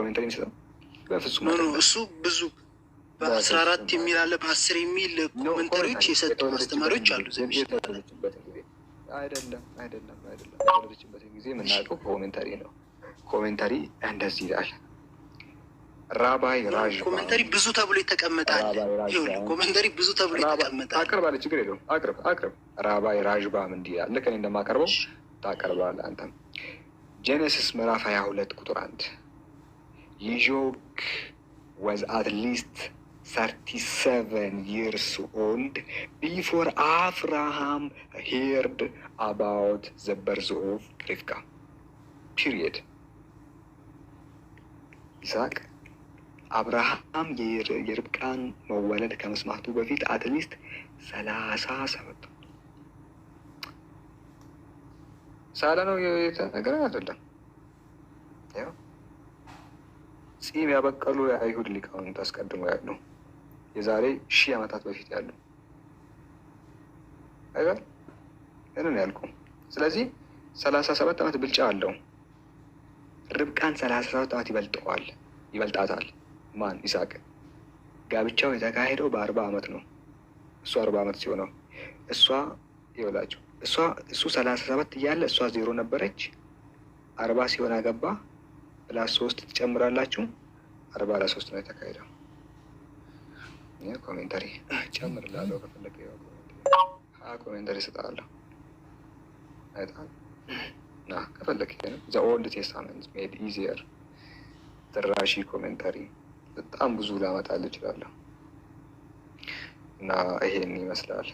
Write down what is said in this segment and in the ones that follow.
ኮሜንተር የሚሰጠው በፍጹም እሱ ብዙ በአስራ አራት የሚል አለ በአስር የሚል ኮሜንተሪዎች የሰጡ አስተማሪዎች አሉ። አይደለም አይደለም አይደለም። በተወለደችበትን ጊዜ የምናውቀው ኮሜንተሪ ነው። ኮሜንተሪ እንደዚህ ይላል። ራባይ ራዥ ኮሜንተሪ ብዙ ተብሎ ይተቀመጣል። ኮሜንተሪ ብዙ ተብሎ ይተቀመጣል። አቅርብ አለ፣ ችግር የለውም አቅርብ አቅርብ። ራባይ ራዥባም እንዲህ ይላል። ልክ እኔ እንደማቀርበው ታቀርባለ አንተም። ጄኔሲስ ምዕራፍ ሀያ ሁለት ቁጥር አንድ ይጆክ ወዝ አት ሊስት ሰርቲ ይርስ ኦልድ ቢፎር አብርሃም ሄርድ አባውት ዘ ኦፍ ሪፍቃ ፒሪየድ። ይስሐቅ አብርሃም የርብቃን መወለድ ከመስማቱ በፊት አት ሊስት ሰላሳ ሰባት ነው የተነገረ አይደለም። ጺም ያበቀሉ የአይሁድ ሊቃውንት አስቀድሞ ያሉ የዛሬ ሺህ ዓመታት በፊት ያሉ አይበል እንን ያልኩ። ስለዚህ ሰላሳ ሰባት ዓመት ብልጫ አለው። ርብቃን ሰላሳ ሰባት ዓመት ይበልጠዋል ይበልጣታል። ማን ይስሐቅ። ጋብቻው የተካሄደው በአርባ ዓመት ነው። እሱ አርባ ዓመት ሲሆነው እሷ ይበላቸው እሷ እሱ ሰላሳ ሰባት እያለ እሷ ዜሮ ነበረች። አርባ ሲሆን አገባ ፕላስ ሶስት ትጨምራላችሁ አርባ አራት ሶስት ነው የተካሄደው። ኮሜንተሪ ጨምርላለሁ ከፈለገ ኮሜንተሪ ስጣለሁ ና ከፈለግ ዘ ኦልድ ቴስታመንት ሜድ ኢዚየር ድራሺ ኮሜንተሪ በጣም ብዙ ላመጣል እችላለሁ እና ይሄን ይመስላል።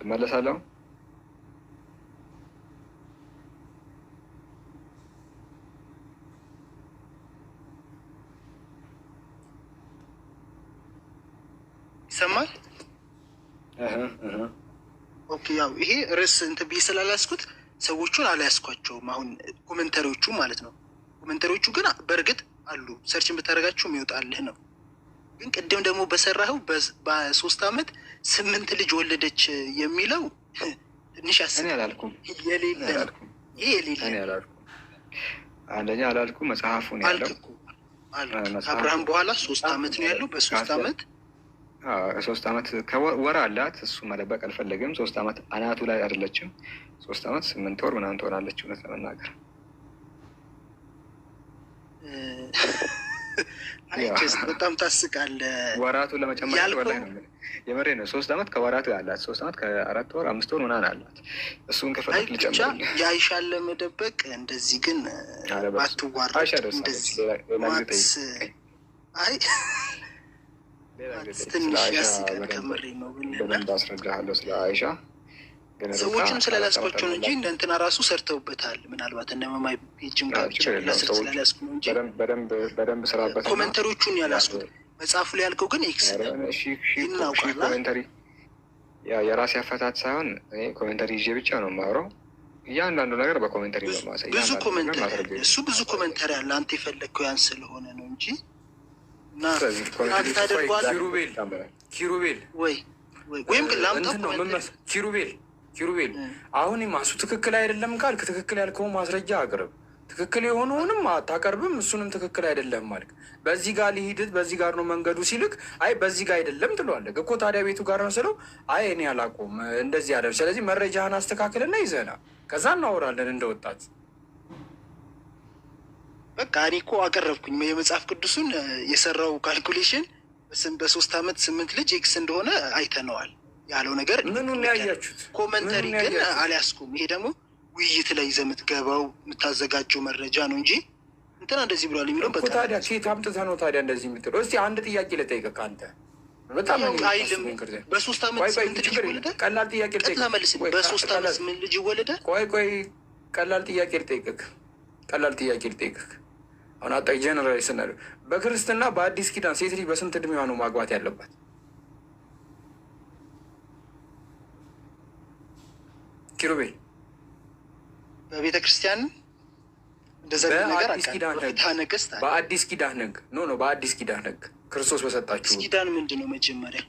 ትመለሳለሁ ያው ይሄ ርዕስ እንትን ብዬ ስላላስኩት ሰዎቹን አላያስኳቸውም። አሁን ኮመንተሪዎቹ ማለት ነው። ኮመንተሪዎቹ ግን በእርግጥ አሉ፣ ሰርችን ብታደርጋቸው የሚወጣልህ ነው። ግን ቅድም ደግሞ በሰራኸው በሶስት አመት ስምንት ልጅ ወለደች የሚለው ትንሽ አላልኩም። የሌለ ይህ የሌለ አንደኛ አላልኩ መጽሐፉን ያለው። አብርሃም በኋላ ሶስት አመት ነው ያለው። በሶስት አመት ሶስት ዓመት ወር አላት። እሱ መደበቅ አልፈለግም። ሶስት ዓመት አናቱ ላይ አይደለችም። ሶስት ዓመት ስምንት ወር ምናምን ትሆናለች። እውነት ለመናገር በጣም ታስቃለህ። ወራቱ ለመጨመር የመሬ ነው። ሶስት ዓመት ከወራቱ አላት። ሶስት ዓመት ከአራት ወር አምስት ወር ምናምን አላት። እሱን ከፈለግ ልጨምር የአይሻን ለመደበቅ እንደዚህ ግን ባትዋረድ እንደዚህ አይ ትንሽ ያስቀን ከምሬ ነው። ስለ አይሻ ሰዎችም ስላላስቆቸው ነው እንጂ እንደንትና ራሱ ሰርተውበታል። ምናልባት እነ መማይ ጅምካ ብቻ ስላላስኩ ነው እንጂ ስራበት ኮመንተሪዎቹን ያላስኩት መጽሐፉ ላይ ያልከው ግን ኤክስ ኮሜንተሪ የራሴ አፈታት ሳይሆን ኮመንተሪ ይዤ ብቻ ነው የማወራው። እያንዳንዱ ነገር በኮመንተሪ ነው ማሳይ። ብዙ ኮሜንተሪ እሱ ብዙ ኮመንተሪ አለ። አንተ የፈለግከው ያን ስለሆነ ነው እንጂ ኪሩቤል ኪሩቤል ኪሩቤል አሁን ማሱ ትክክል አይደለም ካልክ ትክክል ያልከው ማስረጃ አቅርብ። ትክክል የሆነውንም አታቀርብም፣ እሱንም ትክክል አይደለም ማለት በዚህ ጋር ሊሂድት በዚህ ጋር ነው መንገዱ ሲልክ አይ በዚህ ጋር አይደለም ትለዋለህ እኮ ታዲያ ቤቱ ጋር ነው ስለው አይ እኔ አላውቀውም እንደዚህ አይደለም። ስለዚህ መረጃህን አስተካክልና ይዘና ከዛ እናወራለን እንደወጣት በቃ እኔ እኮ አቀረብኩኝ የመጽሐፍ ቅዱሱን የሰራው ካልኩሌሽን በሶስት አመት ስምንት ልጅ ኤክስ እንደሆነ አይተነዋል ያለው ነገር ምኑን ያያችሁት? ኮመንተሪ ግን አልያዝኩም። ይሄ ደግሞ ውይይት ላይ ይዘህ የምትገባው የምታዘጋጀው መረጃ ነው እንጂ እንትና እንደዚህ ብሏል የሚለው ታዲያ ሴት አምጥተህ ነው ታዲያ እንደዚህ የምትለው? እስኪ አንድ ጥያቄ ልጠይቅህ ከአንተ በጣም አመት ስምንት ልጅ ወለደ። ቀላል ጥያቄ ልጠይቅህ። ቀላል ጥያቄ ልጠይቅህ አሁን አጠቅ ጀነራሊ ስናለ በክርስትና በአዲስ ኪዳን ሴት ልጅ በስንት እድሜዋ ነው ማግባት ያለባት? ኪሩቤል በቤተ ክርስቲያን በአዲስ ኪዳን ሕግ ኖ ኖ በአዲስ ኪዳን ሕግ ክርስቶስ በሰጣችሁ ኪዳን ምንድን ነው? መጀመሪያ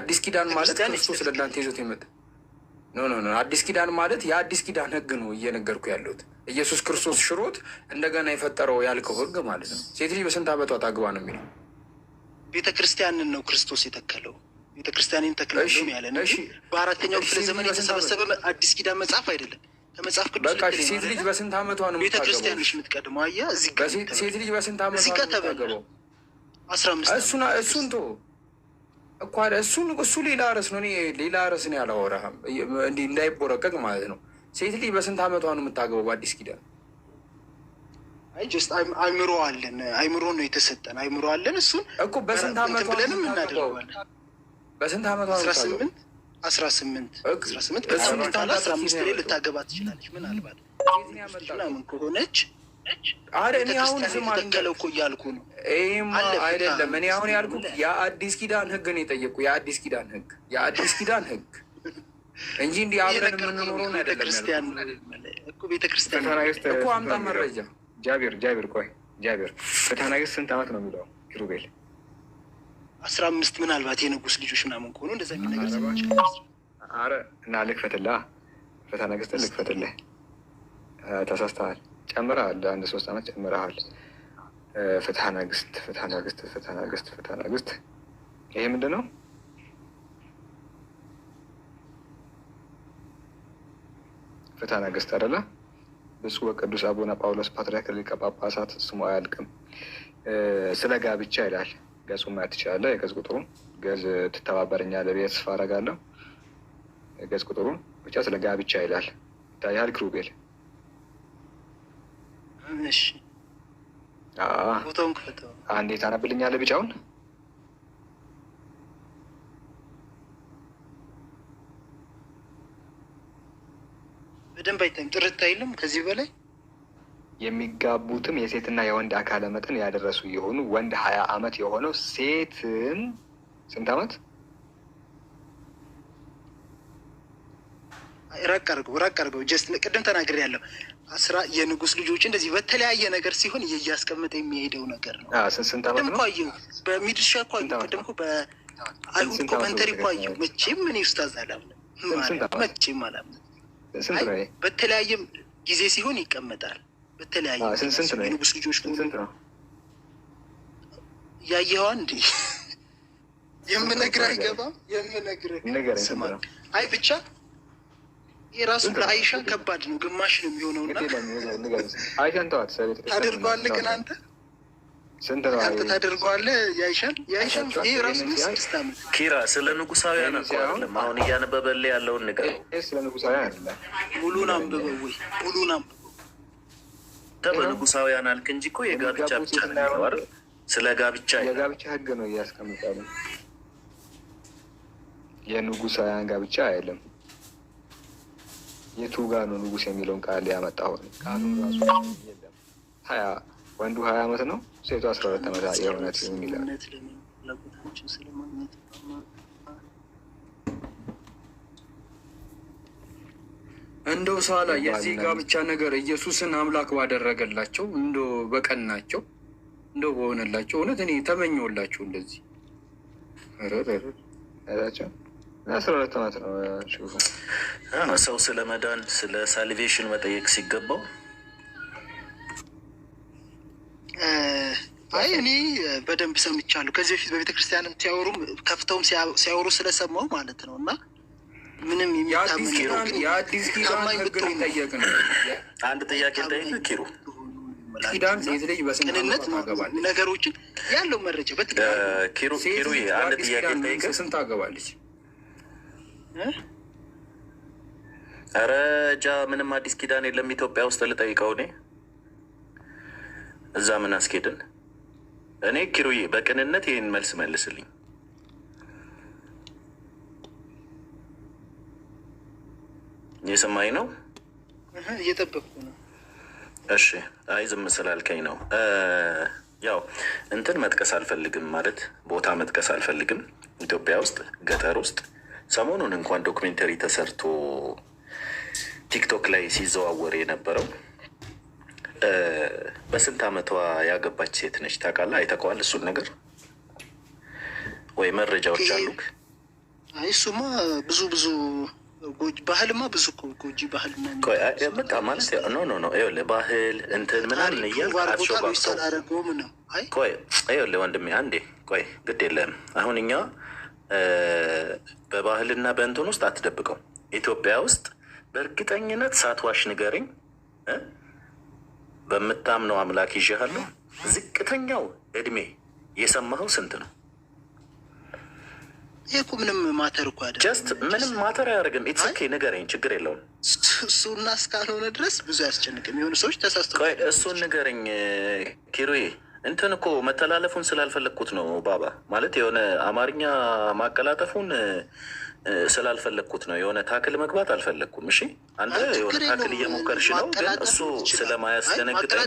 አዲስ ኪዳን ማለት ክርስቶስ ለእናንተ ይዞት ይመጣ ኖ ኖ ኖ አዲስ ኪዳን ማለት የአዲስ ኪዳን ሕግ ነው እየነገርኩ ያለሁት ኢየሱስ ክርስቶስ ሽሮት እንደገና የፈጠረው ያልከው ህግ ማለት ነው። ሴት ልጅ በስንት አመቷ ታግባ ነው የሚለው? ቤተ ክርስቲያንን ነው ክርስቶስ የተከለው። ቤተ ክርስቲያንን ተክለሉም ያለ ነው። በአራተኛው ክፍለ ዘመን የተሰበሰበ አዲስ ኪዳን መጽሐፍ አይደለም። ከመጽሐፍ ቅዱስ ሴት ልጅ በስንት አመቷ ነው ቤተ ክርስቲያን ልጅ የምትቀድመው? አየህ፣ ሴት ልጅ በስንት አመቷ ነው የምታገባው? አስራ አምስት እሱን እሱን ቶ እኳ እሱን እሱ ሌላ ርዕስ ነው። እኔ ሌላ ርዕስ ነው ያላወራህም እንዲህ እንዳይቦረቀቅ ማለት ነው ሴት ልጅ በስንት አመቷ ነው የምታገበው? በአዲስ ኪዳን ስ አይምሮ አለን። አይምሮ ነው የተሰጠን። አይምሮ አለን። እሱን እኮ በስንት ዓመቷ ብለንም እናደርገዋለን። በስንት ዓመቷ ነው? አስራ ስምንት አስራ ስምንት አስራ ስምንት አስራ አምስት ላይ ልታገባ ትችላለች። ምናልባት ምናምን ከሆነች አረ እኔ አሁን ስም እኮ እያልኩ ነው። ይሄማ አይደለም። እኔ አሁን ያልኩ የአዲስ ኪዳን ህግ ነው የጠየቅኩ። የአዲስ ኪዳን ህግ የአዲስ ኪዳን ህግ እንጂ እንዲህ አብረን የምንኖረውን አይደለም። እኮ አምጣ መረጃ ጃቢር ጃቢር ቆይ ጃቢር ፈተና ስንት አመት ነው የሚለው ኪሩቤል አስራ አምስት ምናልባት የንጉስ ልጆች ምናምን ከሆኑ እንደዛ የሚል ነገር ኧረ እና ልክፈትላ ፈተና ግስት ልክፈትልህ ተሳስተሃል። ጨምረሃል አንድ ሶስት አመት ጨምረሃል። ፈተና ግስት ፈተና ግስት ፈተና ግስት ፈተና ግስት ይሄ ምንድን ነው? ፍትሐ ነገሥት አደለ ብፁዕ ወቅዱስ አቡነ ጳውሎስ ፓትርያርክ ሊቀ ጳጳሳት ስሙ አያልቅም። ስለ ጋብቻ ይላል። ገጹ ማየት ትችላለህ። የገጽ ቁጥሩን ገጽ ትተባበረኛለህ ለቤት ስፋ አረጋለሁ። የገጽ ቁጥሩን ብቻ ስለ ጋብቻ ይላል። ይታያል ኪሩቤል አንዴ ታነብልኛለህ ብቻውን በደንብ አይታይም፣ ጥርት አይልም። ከዚህ በላይ የሚጋቡትም የሴትና የወንድ አካለ መጠን ያደረሱ የሆኑ ወንድ ሀያ አመት የሆነው ሴትን ስንት አመት ራቅ አድርገው ራቅ አድርገው ጀስት ቅድም ተናግሬ ያለው አስራ የንጉስ ልጆች እንደዚህ በተለያየ ነገር ሲሆን እያስቀመጠ የሚሄደው ነገር ነው። ስንት አመት ነው? በሚድርሻ እኮ አየሁ፣ ቅድም እኮ በአይሁድ ኮመንተሪ እኮ መቼም እኔ ኡስታዝ አላምንም፣ መቼም አላምንም። በተለያየም ጊዜ ሲሆን ይቀመጣል። በተለያየ ልጆች ያየኸዋ እንዴ? የምነግር አይገባም። የምነግርህ ስማ። አይ ብቻ የራሱ ለአይሻ ከባድ ነው። ግማሽ ነው የሚሆነው ታደርገዋለህ ግን አንተ አንተ ታደርገዋለህ። ያይሻል ያይሻል። ይህ ራሱ ስድስት ዓመት ኪራ፣ ስለ ንጉሳውያን እኮ አይደለም አሁን እያነበበልህ ያለውን ነገር ስለ ንጉሳውያን አለ። ሙሉን አንብበው ወይ ሙሉን አንብበው። በንጉሳውያን አልክ እንጂ እኮ የጋብቻ ብቻ ነው የሚለው አይደል? ስለ ጋብቻ የጋብቻ ህግ ነው እያስቀምጣሉ። የንጉሳውያን ጋብቻ አይደለም። የቱ ጋር ነው ንጉስ የሚለውን ቃል ያመጣው? ቃሉ ራሱ ሀያ ወንዱ ሀያ አመት ነው ሴቱ አስራ ሁለት ዓመት የእውነት የሚለው እንደው ላይ የዚህ ጋብቻ ነገር ኢየሱስን አምላክ ባደረገላቸው እንደው በቀናቸው እንደው በሆነላቸው እውነት እኔ ተመኘውላቸው እንደዚህ ሰው ስለ መዳን ስለ ሳልቬሽን መጠየቅ ሲገባው አይ እኔ በደንብ ሰምቻለሁ። ከዚህ በፊት በቤተ ክርስቲያንም ሲያወሩም ከፍተውም ሲያወሩ ስለሰማው ማለት ነው እና ምንም የአዲስ ኪዳን ህግ ሊጠየቅ ነው። አንድ ጥያቄ ጠይቅ ኪሩ ኪዳን ሴት ልጅ በስንት ነገሮችን ያለው መረጃ በኪሩ አንድ ጥያቄ ጠይቅ ስንት ታገባለች? ረጃ ምንም አዲስ ኪዳን የለም ኢትዮጵያ ውስጥ ልጠይቀው እኔ እዛ ምን አስኬድን? እኔ ኪሩዬ በቅንነት ይህን መልስ መልስልኝ። የሰማኝ ነው እየጠበቅኩ ነው። እሺ፣ አይ ዝም ስላልከኝ ነው። ያው እንትን መጥቀስ አልፈልግም ማለት ቦታ መጥቀስ አልፈልግም። ኢትዮጵያ ውስጥ ገጠር ውስጥ ሰሞኑን እንኳን ዶክሜንተሪ ተሰርቶ ቲክቶክ ላይ ሲዘዋወር የነበረው በስንት ዓመቷ ያገባች ሴት ነች ታውቃለህ? አይተቀዋል እሱን ነገር ወይ መረጃዎች አሉ? እሱማ ብዙ ብዙ ባህልማ ብዙ ጎጂ ባህል በቃ ማለት ኖ ኖ ኖ ይኸውልህ ባህል እንትን ምናምን እያልቆይይኸውልህ ወንድሜ አንዴ ቆይ፣ ግድ የለም አሁን እኛ በባህልና በእንትን ውስጥ አትደብቀው። ኢትዮጵያ ውስጥ በእርግጠኝነት ሳትዋሽ ንገረኝ በምታምነው አምላክ ይዤሃለሁ። ዝቅተኛው እድሜ የሰማኸው ስንት ነው? ይህ ምንም ማተር እኮ አይደለም። ጀስት ምንም ማተር አያደርግም። ኢትስ ኦኬ ንገረኝ፣ ችግር የለውም። እሱና እስካልሆነ ድረስ ብዙ አያስጨንቅም። የሆኑ ሰዎች ተሳስተው እሱን ንገረኝ ኪሩዬ። እንትን እኮ መተላለፉን ስላልፈለግኩት ነው ባባ ማለት የሆነ አማርኛ ማቀላጠፉን ስላልፈለግኩት ነው። የሆነ ታክል መግባት አልፈለግኩም። እሺ አንተ የሆነ ታክል እየሞከርሽ ነው፣ ግን እሱ ስለማያስደነግጠኝ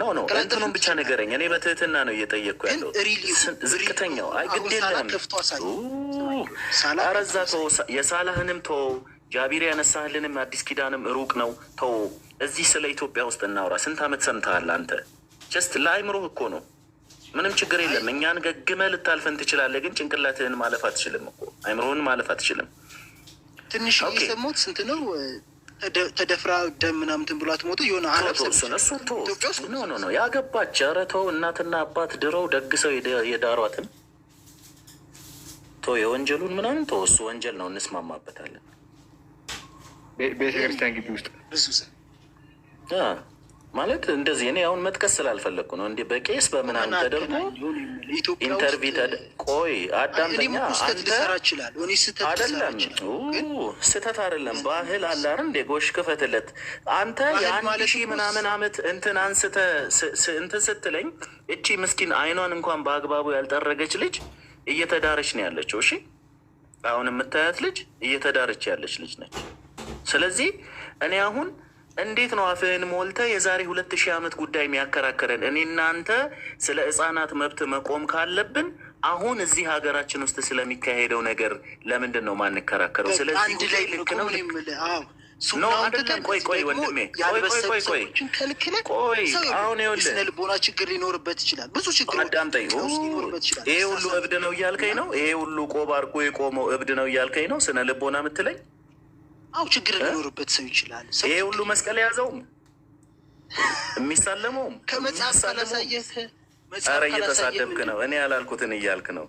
ኖ ኖ እንትኑን ብቻ ንገረኝ። እኔ በትህትና ነው እየጠየቅኩ ያለው ዝቅተኛው። አይ ኧረ እዛ የሳላህንም ተው፣ ጃቢር ያነሳህልንም አዲስ ኪዳንም ሩቅ ነው ተው። እዚህ ስለ ኢትዮጵያ ውስጥ እናውራ። ስንት አመት ሰምተሃል አንተ? ጀስት ለአይምሮህ እኮ ነው ምንም ችግር የለም። እኛን ገግመ ልታልፈን ትችላለህ፣ ግን ጭንቅላትህን ማለፍ አትችልም እኮ አይምሮህን ማለፍ አትችልም። ትንሽ የሰማሁት ስንት ነው ተደፍራ ደም ምናምንትን ብሏት ሞቶ የሆነ ነው ያገባች። ኧረ እናትና አባት ድረው ደግሰው የዳሯትን ቶ የወንጀሉን ምናምን ቶ እሱ ወንጀል ነው እንስማማበታለን። ቤተክርስቲያን ግቢ ውስጥ ብዙ ማለት እንደዚህ እኔ አሁን መጥቀስ ስላልፈለግኩ ነው። እንዲህ በቄስ በምናምን ተደርጎ ኢንተርቪ ቆይ አዳምጠኛ አይደለም ስህተት አደለም ባህል አላር እንደ ጎሽ ክፈትለት አንተ የአንድ ሺህ ምናምን አመት እንትን አንስተ እንትን ስትለኝ እቺ ምስኪን አይኗን እንኳን በአግባቡ ያልጠረገች ልጅ እየተዳረች ነው ያለችው። እሺ አሁን የምታያት ልጅ እየተዳረች ያለች ልጅ ነች። ስለዚህ እኔ አሁን እንዴት ነው አፍህን ሞልተ የዛሬ ሁለት ሺህ ዓመት ጉዳይ የሚያከራከረን? እኔ እናንተ ስለ ሕፃናት መብት መቆም ካለብን አሁን እዚህ ሀገራችን ውስጥ ስለሚካሄደው ነገር ለምንድን ነው ማንከራከረው? ስለዚህ አንድ ላይ ልክ ነው። ቆይ ይሄ ሁሉ እብድ ነው እያልከኝ ነው? ይሄ ሁሉ ቆብ አድርጎ የቆመው እብድ ነው እያልከኝ ነው? ስነ ልቦና የምትለኝ አው ችግር ሊኖርበት ሰው ይችላል። ይሄ ሁሉ መስቀል የያዘውም የሚሳለመውም ከመጽሐፍ ካላሳየህ፣ ኧረ እየተሳደብክ ነው። እኔ ያላልኩትን እያልክ ነው።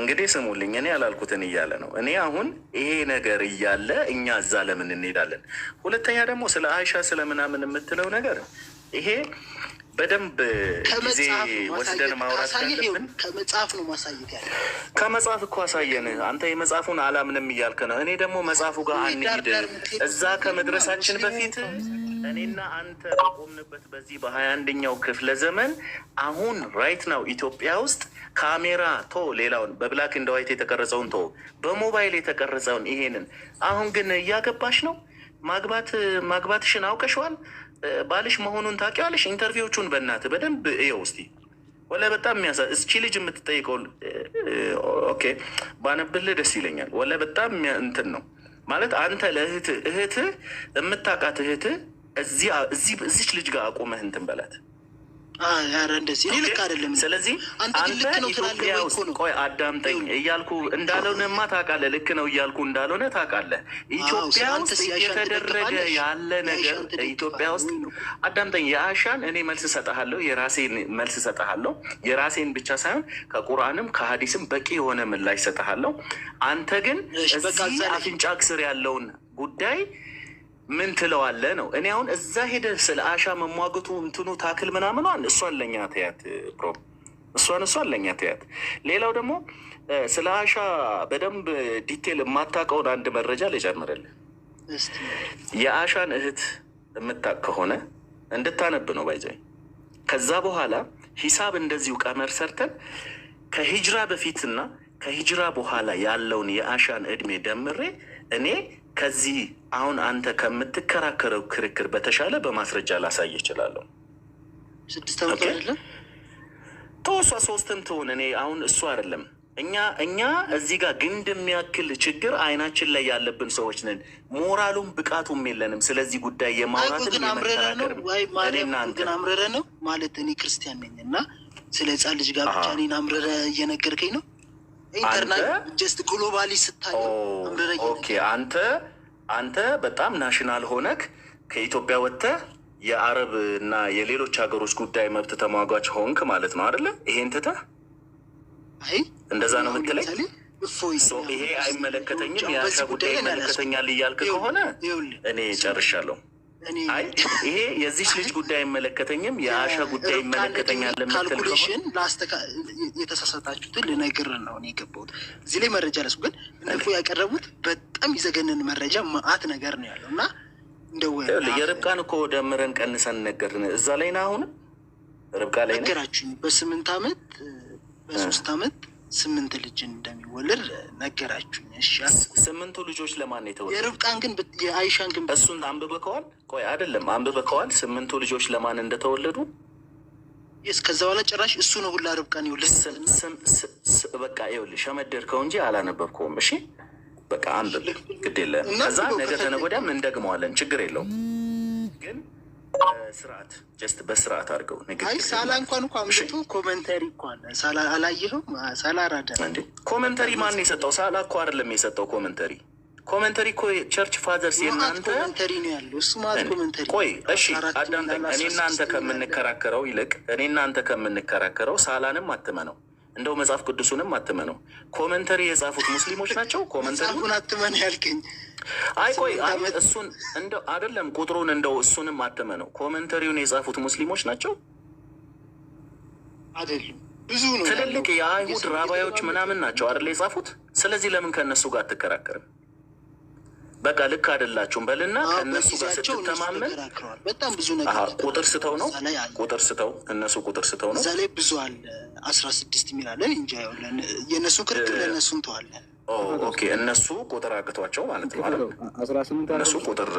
እንግዲህ ስሙልኝ፣ እኔ ያላልኩትን እያለ ነው። እኔ አሁን ይሄ ነገር እያለ እኛ እዛ ለምን እንሄዳለን? ሁለተኛ ደግሞ ስለ አይሻ ስለምናምን የምትለው ነገር ይሄ በደንብ ጊዜ ወስደን ማውራት ካለብን ከመጽሐፍ ነው ማሳየት ያለ ከመጽሐፍ እኮ አሳየን። አንተ የመጽሐፉን አላምንም እያልክ ነው። እኔ ደግሞ መጽሐፉ ጋር አንሂድ። እዛ ከመድረሳችን በፊት እኔና አንተ በቆምንበት በዚህ በሀያ አንደኛው ክፍለ ዘመን አሁን ራይት ናው ኢትዮጵያ ውስጥ ካሜራ ቶ ሌላውን በብላክ እንደ ዋይት የተቀረጸውን ቶ በሞባይል የተቀረጸውን ይሄንን አሁን ግን እያገባሽ ነው። ማግባት ማግባትሽን አውቀሽዋል። ባልሽ መሆኑን ታውቂዋለሽ። ኢንተርቪዎቹን በእናትህ በደንብ እየው እስኪ ወላሂ በጣም የሚያሳ እስቺ ልጅ የምትጠይቀው ኦኬ ባነብልህ ደስ ይለኛል። ወላሂ በጣም እንትን ነው ማለት አንተ ለእህት እህትህ የምታውቃት እህትህ እዚች ልጅ ጋር አቁመህ እንትን በላት። ስለዚህ አዳምጠኝ እያልኩ እንዳልሆነማ ታውቃለህ። ልክ ነው እያልኩ እንዳልሆነ ታውቃለህ። ኢትዮጵያ ውስጥ እየተደረገ ያለ ነገር ኢትዮጵያ ውስጥ አዳምጠኝ። የአሻን እኔ መልስ እሰጥሃለሁ፣ የራሴን መልስ እሰጥሃለሁ። የራሴን ብቻ ሳይሆን ከቁርአንም ከሀዲስም በቂ የሆነ ምላሽ እሰጥሃለሁ። አንተ ግን እዚህ አፍንጫ ክስር ያለውን ጉዳይ ምን ትለዋለ ነው። እኔ አሁን እዛ ሄደ ስለ አሻ መሟገቱ እንትኑ ታክል ምናምኗን እሷን ለኛ ተያት፣ ፕሮ እሷን እሷን ለኛ ተያት። ሌላው ደግሞ ስለ አሻ በደንብ ዲቴል የማታውቀውን አንድ መረጃ ልጨምርልህ። የአሻን እህት የምታውቅ ከሆነ እንድታነብ ነው ባይዘኝ። ከዛ በኋላ ሂሳብ እንደዚሁ ቀመር ሰርተን ከሂጅራ በፊትና ከሂጅራ በኋላ ያለውን የአሻን እድሜ ደምሬ እኔ ከዚህ አሁን አንተ ከምትከራከረው ክርክር በተሻለ በማስረጃ ላሳይ እችላለሁ። ስድስት ዓመት አይደለም ተወሷ ሶስትም ትሆን እኔ አሁን እሱ አይደለም እኛ እኛ እዚህ ጋር ግንድ የሚያክል ችግር አይናችን ላይ ያለብን ሰዎች ነን። ሞራሉም ብቃቱም የለንም። ስለዚህ ጉዳይ የማውራት ግን አምረረ ነው ግን አምረረ ነው ማለት እኔ ክርስቲያን ነኝ እና ስለ ህፃን ልጅ ጋር ብቻ እኔን አምረረ እየነገርከኝ ነው ኢንተርናሽናል ግሎባሊ ስታየው አንተ አንተ በጣም ናሽናል ሆነክ ከኢትዮጵያ ወጥተህ የአረብ እና የሌሎች ሀገሮች ጉዳይ መብት ተሟጓች ሆንክ ማለት ነው አይደለ? ይሄን ትተህ እንደዛ ነው የምትለኝ? ይሄ አይመለከተኝም፣ የአሻ ጉዳይ ይመለከተኛል እያልክ ከሆነ እኔ ጨርሻለሁ። ይሄ የዚች ልጅ ጉዳይ አይመለከተኝም፣ የአሻ ጉዳይ ይመለከተኛል የምትል ካልኩሌሽን የተሳሳታችሁትን ልነግር ነው የገባሁት። እዚህ ላይ መረጃ ለሱ ግን እነፎ ያቀረቡት በጣም ይዘገንን መረጃ መዓት ነገር ነው ያለው እና እንደወ የርብቃን እኮ ደምረን ቀንሰን ነገርን እዛ ላይ ና አሁንም ርብቃ ላይ ነገራችሁ በስምንት አመት በሶስት አመት ስምንት ልጅ እንደሚወልድ ነገራችሁኝ። እሺ ስምንቱ ልጆች ለማን የተወለዱ? የርብቃን ግን የአይሻን ግን እሱን አንብበከዋል? ቆይ አይደለም አንብበከዋል? ስምንቱ ልጆች ለማን እንደተወለዱ ስ ከዛ በኋላ ጭራሽ እሱ ነው ሁላ ርብቃን ይውል በቃ ይውል ሸመደድከው እንጂ አላነበብከውም። እሺ በቃ አንብብ ግድ የለም። ከዛ ነገ ተነገ ወዲያ እንደግመዋለን፣ ችግር የለውም። ስርዓት ጀስት በስርዓት አድርገው ንግግር። ሳላ እንኳን እኮ አምሽቱ ኮመንተሪ እኮ አለ። ሳላ አላየኸውም? ሳላ ራዳ ኮመንተሪ ማን የሰጠው? ሳላ እኮ አይደለም የሰጠው ኮመንተሪ። ኮመንተሪ እኮ ቸርች ፋዘርስ የእናንተ ኮመንተሪ ነው ያለው። እሱ ማለት ኮመንተሪ። ቆይ እሺ አዳምጠኝ። እኔ እናንተ ከምንከራከረው ይልቅ እኔ እናንተ ከምንከራከረው ሳላንም አትመነው እንደው መጽሐፍ ቅዱሱንም አትመነው። ኮመንተሪ የጻፉት ሙስሊሞች ናቸው። ኮመንተሪ አትመን ያልከኝ አይ ቆይ እሱን እንደ አይደለም ቁጥሩን እንደው እሱንም አተመ ነው ኮመንተሪውን የጻፉት ሙስሊሞች ናቸው አይደሉም? ብዙ ነው ትልልቅ የአይሁድ ራባዮች ምናምን ናቸው አይደለ የጻፉት። ስለዚህ ለምን ከእነሱ ጋር አትከራከርም? በቃ ልክ አይደላችሁም በልና ከእነሱ ጋር ስትተማመን በጣም ብዙ ነገር ቁጥር ስተው ነው ቁጥር ስተው እነሱ ቁጥር ስተው ነው። እዛ ላይ ብዙ አለ አስራ ስድስት የሚላለን እንጂ የእነሱ ክርክር ለእነሱ እንተዋለን ኦኬ እነሱ ቁጥር አቅቷቸው ማለት ነው አይደል? እነሱ ቁጥር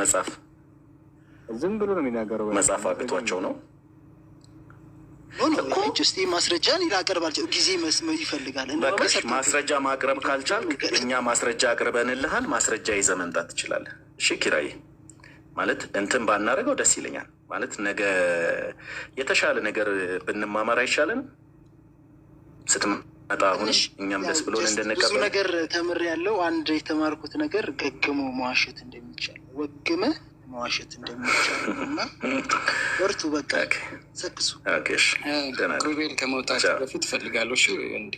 መጻፍ ዝም ብሎ ነው የሚናገረው። መጻፍ አቅቷቸው ነው ስ ማስረጃን ይላቀርባል። ጊዜ መስመ ይፈልጋል። ማስረጃ ማቅረብ ካልቻል እኛ ማስረጃ አቅርበንልሃል። ማስረጃ ይዘህ መምጣት ትችላለህ። እሺ ኪራይ ማለት እንትን ባናደርገው ደስ ይለኛል። ማለት ነገ የተሻለ ነገር ብንማማር አይሻለን ስትም ጣሁንሽ እኛም ደስ ብሎን እንድንቀበል ብዙ ነገር ተምር ያለው አንድ የተማርኩት ነገር ገግሞ መዋሸት እንደሚቻል ወግመ መዋሸት እንደሚቻል እና በርቱ። በቃ ሰክሱ ሩቤል ከመውጣት በፊት ፈልጋለሁ እንዲ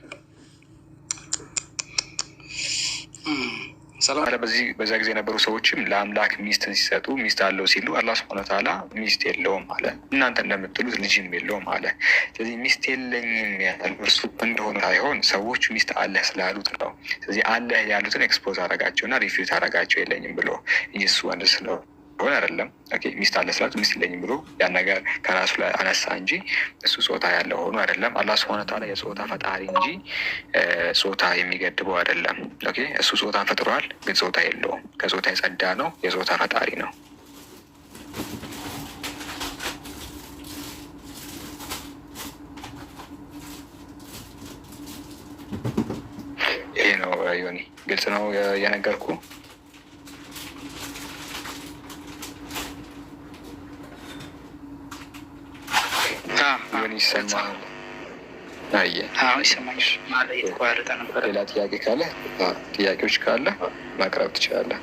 በዚህ በዚያ ጊዜ የነበሩ ሰዎችም ለአምላክ ሚስትን ሲሰጡ ሚስት አለው ሲሉ አላህ ሱብሃነሁ ወተዓላ ሚስት የለውም አለ። እናንተ እንደምትሉት ልጅም የለውም አለ። ስለዚህ ሚስት የለኝም ያለው እርሱ እንደሆነ ሳይሆን ሰዎች ሚስት አለህ ስላሉት ነው። ስለዚህ አለህ ያሉትን ኤክስፖዝ አረጋቸውና ሪፊዩት አረጋቸው የለኝም ብሎ ኢየሱስ ወንድ ስለው ሆን አይደለም ሚስት አለ ስላት ሚስት የለኝም ብሎ ያን ነገር ከራሱ ላይ አነሳ እንጂ እሱ ጾታ ያለው ሆኖ አይደለም። አላህ ሱብሃነሁ ወተዓላ የጾታ ፈጣሪ እንጂ ጾታ የሚገድበው አይደለም። ኦኬ እሱ ጾታ ፈጥሯል፣ ግን ጾታ የለውም። ከጾታ የጸዳ ነው፣ የጾታ ፈጣሪ ነው። ይሄ ነው ዮኒ፣ ግልጽ ነው የነገርኩ ይሰማል? አሁን ሌላ ጥያቄ ካለ ጥያቄዎች ካለ ማቅረብ ትችላለህ።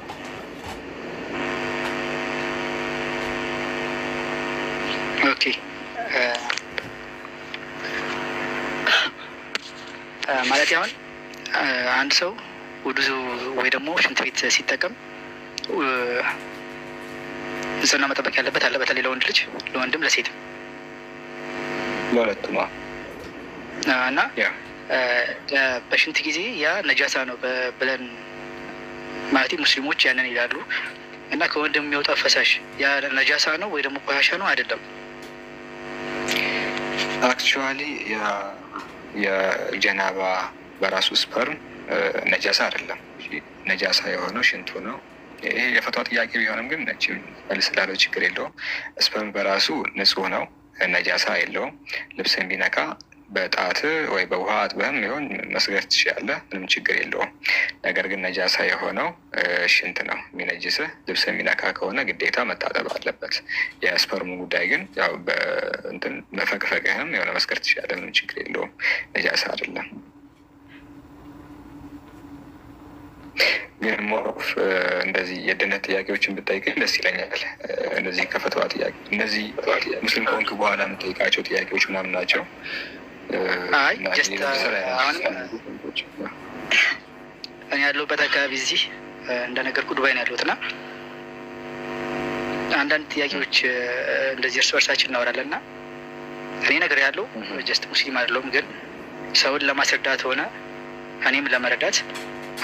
ኦኬ ማለት አሁን አንድ ሰው ውዱ ወይ ደግሞ ሽንት ቤት ሲጠቀም ንጽህና መጠበቅ ያለበት አለ። በተለይ ለወንድ ልጅ ለወንድም ለሴትም ለሁለቱም እና በሽንት ጊዜ ያ ነጃሳ ነው ብለን ማለት ሙስሊሞች ያንን ይላሉ። እና ከወንድ የሚወጣ ፈሳሽ ያ ነጃሳ ነው ወይ ደግሞ ቆሻሻ ነው አይደለም? አክቹዋሊ የጀናባ በራሱ ስፐርም ነጃሳ አይደለም። ነጃሳ የሆነው ሽንቱ ነው። ይሄ የፈቷ ጥያቄ ቢሆንም ግን መልስ ላለው ችግር የለውም። ስፐርም በራሱ ንጹህ ነው። ነጃሳ የለውም። ልብስ የሚነካ በጣት ወይ በውሃ አጥበህም ይሆን መስገር ትችላለህ። ምንም ችግር የለውም። ነገር ግን ነጃሳ የሆነው ሽንት ነው የሚነጅስህ። ልብስ የሚነካ ከሆነ ግዴታ መታጠብ አለበት። የስፐርሙ ጉዳይ ግን ያው በእንትን መፈቅፈቅህም የሆነ መስገር ትችላለህ። ምንም ችግር የለውም። ነጃሳ አይደለም። ግን ሞሮፍ እንደዚህ የድህነት ጥያቄዎችን ብጠይቅን ደስ ይለኛል። እነዚህ ከፈተዋ ጥያቄ እነዚህ ሙስሊም ከሆንክ በኋላ የምጠይቃቸው ጥያቄዎች ምናምን ናቸው። እኔ ያለሁበት አካባቢ እዚህ እንደነገርኩ ዱባይ ነው ያለሁት እና አንዳንድ ጥያቄዎች እንደዚህ እርስ በርሳችን እናወራለን እና እኔ ነገር ያለው ጀስት ሙስሊም አይደለሁም፣ ግን ሰውን ለማስረዳት ሆነ እኔም ለመረዳት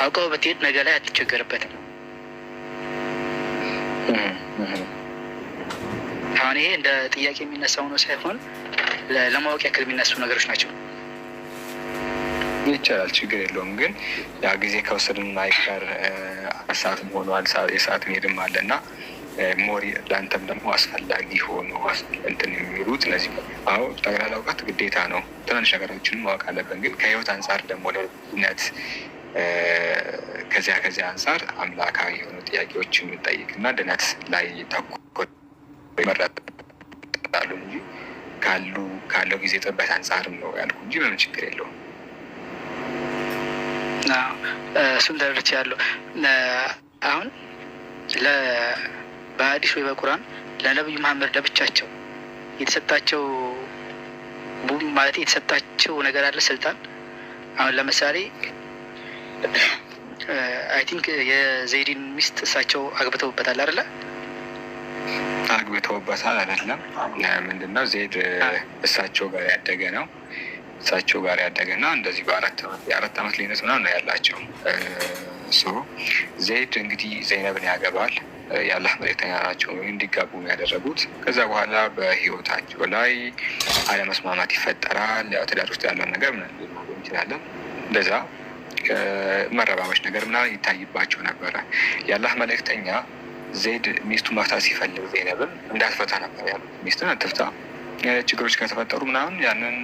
አውቀው ብትሄድ ነገ ላይ አትቸገርበትም። አሁን ይሄ እንደ ጥያቄ የሚነሳው ነው ሳይሆን ለማወቅ ያክል የሚነሱ ነገሮች ናቸው። ይቻላል፣ ችግር የለውም። ግን ያ ጊዜ ከውሰድና አይቀር ሰዓትም ሆኗል፣ የሰዓት ሄድም አለ እና ሞሪ ለአንተም ደግሞ አስፈላጊ ሆኖ እንትን የሚሉት እነዚህ አሁ ጠቅላላ እውቀት ግዴታ ነው። ትናንሽ ነገሮችን ማወቅ አለብን። ግን ከህይወት አንጻር ደግሞ ለነት ከዚያ ከዚያ አንጻር አምላካዊ የሆኑ ጥያቄዎች ጥያቄዎችን እና ድነት ላይ ተኮር ይመረጣሉ እንጂ ካሉ ካለው ጊዜ ጥበት አንጻርም ነው ያልኩ እንጂ ምንም ችግር የለውም። እሱም ተረድቼ ያለው አሁን በአዲስ ወይ በቁርአን ለነብዩ መሐመድ ለብቻቸው የተሰጣቸው ማለት የተሰጣቸው ነገር አለ ስልጣን አሁን ለምሳሌ አይ ቲንክ የዘይዲን ሚስት እሳቸው አግብተውበታል አይደለ? አግብተውበታል አይደለም። ምንድነው ዜድ እሳቸው ጋር ያደገ ነው። እሳቸው ጋር ያደገ እና እንደዚህ የአራት ዓመት ልዩነት ምናምን ነው ያላቸው። ዘይድ እንግዲህ ዘይነብን ያገባል። የአላህ መልክተኛ ናቸው እንዲጋቡ ያደረጉት። ከዛ በኋላ በህይወታቸው ላይ አለመስማማት ይፈጠራል። ያው ትዳር ውስጥ ያለውን ነገር ምን እንችላለን እንደዛ መረባበሽ ነገር ምናምን ይታይባቸው ነበረ። የአላህ መልእክተኛ ዜድ ሚስቱ መፍታት ሲፈልግ ዜነብን እንዳትፈታ ነበር ያሉት። ሚስትን አትፍታ፣ ችግሮች ከተፈጠሩ ምናምን ያንን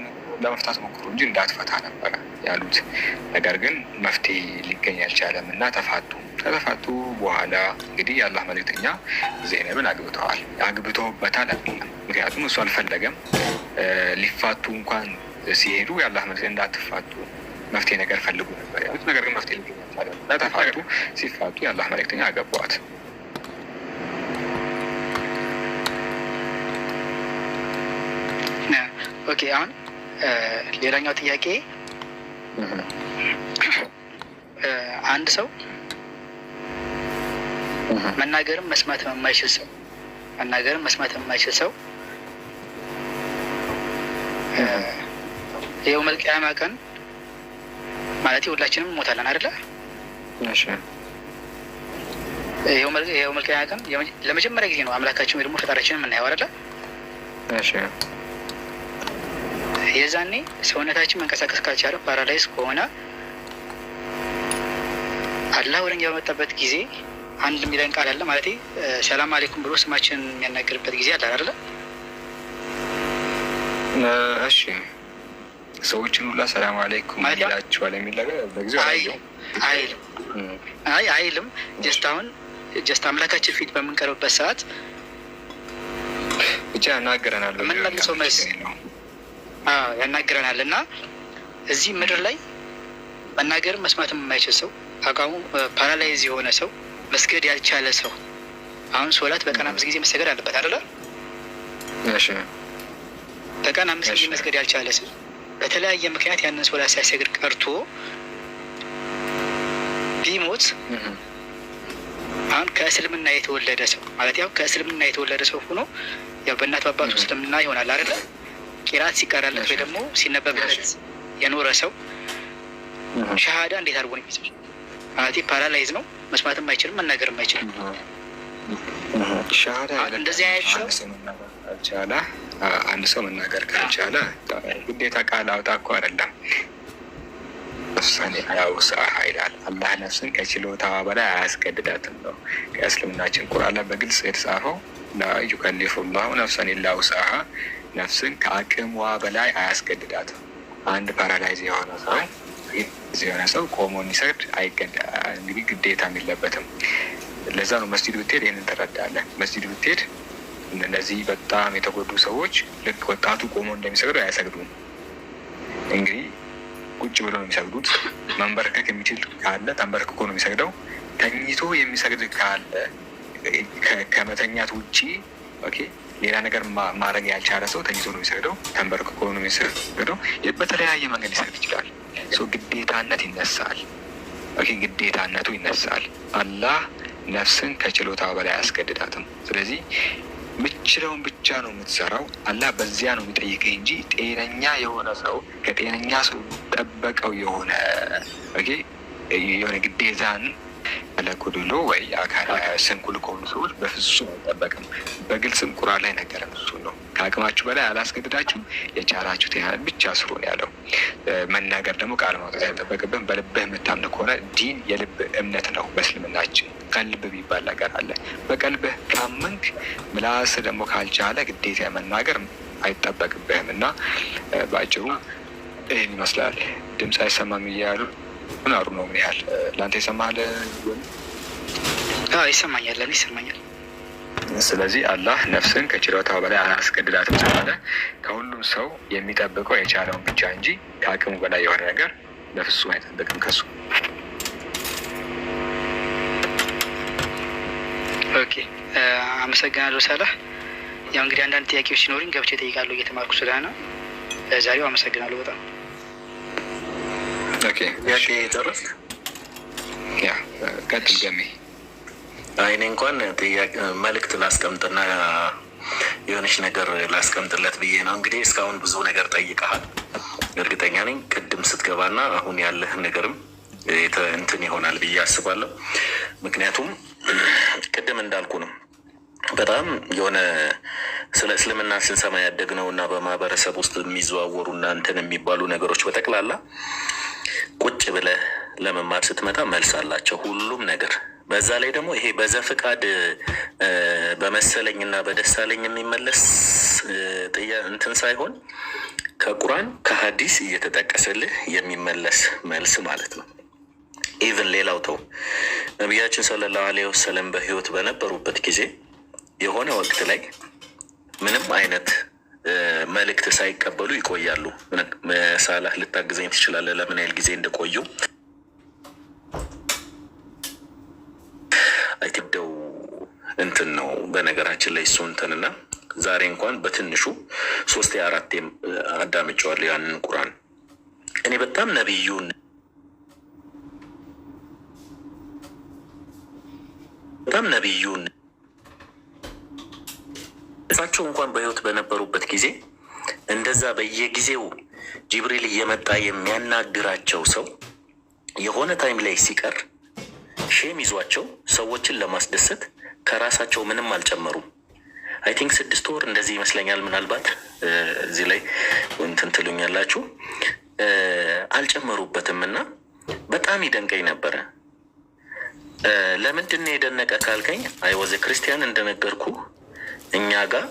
ለመፍታት ሞክሩ እንጂ እንዳትፈታ ነበረ ያሉት። ነገር ግን መፍትሄ ሊገኝ አልቻለም እና ተፋቱ። ከተፋቱ በኋላ እንግዲህ የአላህ መልእክተኛ ዜነብን አግብተዋል አግብተውበታል። ምክንያቱም እሱ አልፈለገም። ሊፋቱ እንኳን ሲሄዱ የአላህ መልእክተኛ እንዳትፋቱ መፍትሄ ነገር ፈልጉ ነበር ያሉት። ነገር ግን መፍትሄ ልገኝ አልቻለም ተፋቱ። ሲፋቱ የአላህ መልእክተኛ አገቧት። ኦኬ አሁን ሌላኛው ጥያቄ አንድ ሰው መናገርም መስማት የማይችል ሰው መናገርም መስማት የማይችል ሰው የው መልቅያማ ቀን ማለት ሁላችንም እሞታለን አይደለ? ይኸው መልቀቂያ ቀን ለመጀመሪያ ጊዜ ነው አምላካችን ወይ ደግሞ ፈጣሪያችንን የምናየው አይደለ? የዛኔ ሰውነታችን መንቀሳቀስ ካልቻለ ፓራዳይስ ከሆነ አላህ ወደኛ በመጣበት ጊዜ አንድ የሚለን ቃል አለ ማለት ሰላም አሌኩም ብሎ ስማችን የሚያናገርበት ጊዜ አለ አይደለ? እሺ ሰዎችን ሁላ ሰላም አለይኩም ይላችኋል የሚል ነገር አይልም። አይ አይልም። ጀስት አሁን ጀስት አምላካችን ፊት በምንቀርብበት ሰዓት ብቻ ያናግረናል። የምንመልሰው መልስ ያናግረናል እና እዚህ ምድር ላይ መናገርም መስማትም የማይችል ሰው አቋሙ ፓራላይዝ የሆነ ሰው መስገድ ያልቻለ ሰው አሁን ሶላት በቀን አምስት ጊዜ መሰገድ አለበት አይደለ? በቀን አምስት ጊዜ መስገድ ያልቻለ ሰው በተለያየ ምክንያት ያንን ሰው ላይ ቀርቶ ቢሞት አሁን ከእስልምና የተወለደ ሰው ማለት ያው ከእስልምና የተወለደ ሰው ሆኖ ያው በእናት በአባቱ እስልምና ይሆናል አይደለ? ቂራት ሲቀራለት ወይ ደግሞ ሲነበብለት የኖረ ሰው ሸሃዳ እንዴት አድርጎ ነው ማለት ፓራላይዝ ነው፣ መስማትም አይችልም፣ መናገርም አይችልም። ሻሃዳ እንደዚህ አይነት ሰው አንድ ሰው መናገር ካልቻለ ግዴታ ቃል አውጣ እኮ አይደለም። ውሳኔ ያውሳ ይላል አላህ። ነፍስን ከችሎታዋ በላይ አያስገድዳትም ነው ከእስልምናችን ቁርአን ላይ በግልጽ የተጻፈው ዩከሊፉ ላሁ ነፍሰን ኢላ ውስአሃ፣ ነፍስን ከአቅሟ በላይ አያስገድዳትም። አንድ ፓራላይዝ የሆነ ሰው የሆነ ሰው ቆሞ እንዲሰግድ እንግዲህ ግዴታ የለበትም። ለዛ ነው መስጂድ ብትሄድ ይህን ትረዳለህ። መስጂድ ብትሄድ እነዚህ በጣም የተጎዱ ሰዎች ልክ ወጣቱ ቆሞ እንደሚሰግዱ አያሰግዱም። እንግዲህ ቁጭ ብለው ነው የሚሰግዱት። መንበርከክ የሚችል ካለ ተንበርክኮ ነው የሚሰግደው። ተኝቶ የሚሰግድ ካለ ከመተኛት ውጭ ኦኬ ሌላ ነገር ማድረግ ያልቻለ ሰው ተኝቶ ነው የሚሰግደው፣ ተንበርክኮ ነው የሚሰግደው። በተለያየ መንገድ ሊሰግድ ይችላል። ግዴታነት ይነሳል። ኦኬ ግዴታነቱ ይነሳል። አላህ ነፍስን ከችሎታ በላይ አያስገድዳትም። ስለዚህ ምችለውን ብቻ ነው የምትሰራው። አላህ በዚያ ነው የሚጠይቀኝ እንጂ ጤነኛ የሆነ ሰው ከጤነኛ ሰው ጠበቀው የሆነ የሆነ ግዴታን ለኩድሎ ወይ አካል ስንኩል ከሆኑ ሰዎች በፍጹም አይጠበቅም። በግልጽም ቁርአን ላይ ነገረን እሱ ነው። ከአቅማችሁ በላይ አላስገድዳችሁ የቻላችሁት ያህል ብቻ ስሩ ነው ያለው። መናገር ደግሞ ቃል ማውጣት አይጠበቅብን። በልብህ የምታምን ከሆነ ዲን የልብ እምነት ነው በእስልምናችን ቀልብ የሚባል ነገር አለ። በቀልብህ ካመንክ ምላስ ደግሞ ካልቻለ ግዴታ የመናገር አይጠበቅብህም እና በአጭሩ ይህን ይመስላል። ድምፅ አይሰማም እያሉ ምን አሩ ነው? ምን ያህል ለአንተ ይሰማል? ይሰማኛል፣ ለእኔ ይሰማኛል። ስለዚህ አላህ ነፍስን ከችሎታው በላይ አላስገድዳትም ስላለ ከሁሉም ሰው የሚጠብቀው የቻለውን ብቻ እንጂ ከአቅሙ በላይ የሆነ ነገር በፍጹም አይጠብቅም ከሱ ኦኬ አመሰግናለሁ። ሰላህ ያው እንግዲህ አንዳንድ ጥያቄዎች ሲኖሩኝ ገብቼ እጠይቃለሁ እየተማርኩ ስለሆነ ለዛሬው አመሰግናለሁ በጣም ቀጥል ገሜ። እኔ እንኳን መልእክት ላስቀምጥና የሆነች ነገር ላስቀምጥለት ብዬ ነው። እንግዲህ እስካሁን ብዙ ነገር ጠይቀሃል፣ እርግጠኛ ነኝ ቅድም ስትገባና አሁን ያለህን ነገርም እንትን ይሆናል ብዬ አስባለሁ። ምክንያቱም ቅድም እንዳልኩ ነው በጣም የሆነ ስለ እስልምና ስንሰማ ያደግነው እና በማህበረሰብ ውስጥ የሚዘዋወሩ እና እንትን የሚባሉ ነገሮች በጠቅላላ ቁጭ ብለህ ለመማር ስትመጣ መልስ አላቸው ሁሉም ነገር። በዛ ላይ ደግሞ ይሄ በዘፈቃድ በመሰለኝ እና በደሳለኝ የሚመለስ እንትን ሳይሆን ከቁርአን ከሀዲስ እየተጠቀሰልህ የሚመለስ መልስ ማለት ነው። ኢቭን ሌላው ተው ነቢያችን ሰለላሁ ዐለይሂ ወሰለም በህይወት በነበሩበት ጊዜ የሆነ ወቅት ላይ ምንም አይነት መልእክት ሳይቀበሉ ይቆያሉ። ሳላህ ልታግዘኝ ትችላለህ? ለምን ያህል ጊዜ እንደቆዩ አይትደው እንትን ነው። በነገራችን ላይ እሱ እንትንና ዛሬ እንኳን በትንሹ ሶስቴ አራቴም አዳምጨዋለሁ ያንን ቁራን እኔ በጣም ነቢዩን በጣም ነቢዩን እሳቸው እንኳን በህይወት በነበሩበት ጊዜ እንደዛ በየጊዜው ጅብሪል እየመጣ የሚያናግራቸው ሰው የሆነ ታይም ላይ ሲቀር ሼም ይዟቸው ሰዎችን ለማስደሰት ከራሳቸው ምንም አልጨመሩም። አይ ቲንክ ስድስት ወር እንደዚህ ይመስለኛል። ምናልባት እዚህ ላይ እንትን ትሉኛላችሁ። አልጨመሩበትም እና በጣም ይደንቀኝ ነበረ። ለምንድን ነው የደነቀ ካልከኝ፣ አይወዘ ክርስቲያን እንደነገርኩ እኛ ጋር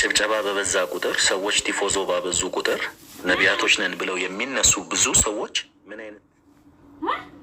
ጭብጨባ በበዛ ቁጥር ሰዎች ቲፎዞ ባበዙ ቁጥር ነቢያቶች ነን ብለው የሚነሱ ብዙ ሰዎች ምን አይነት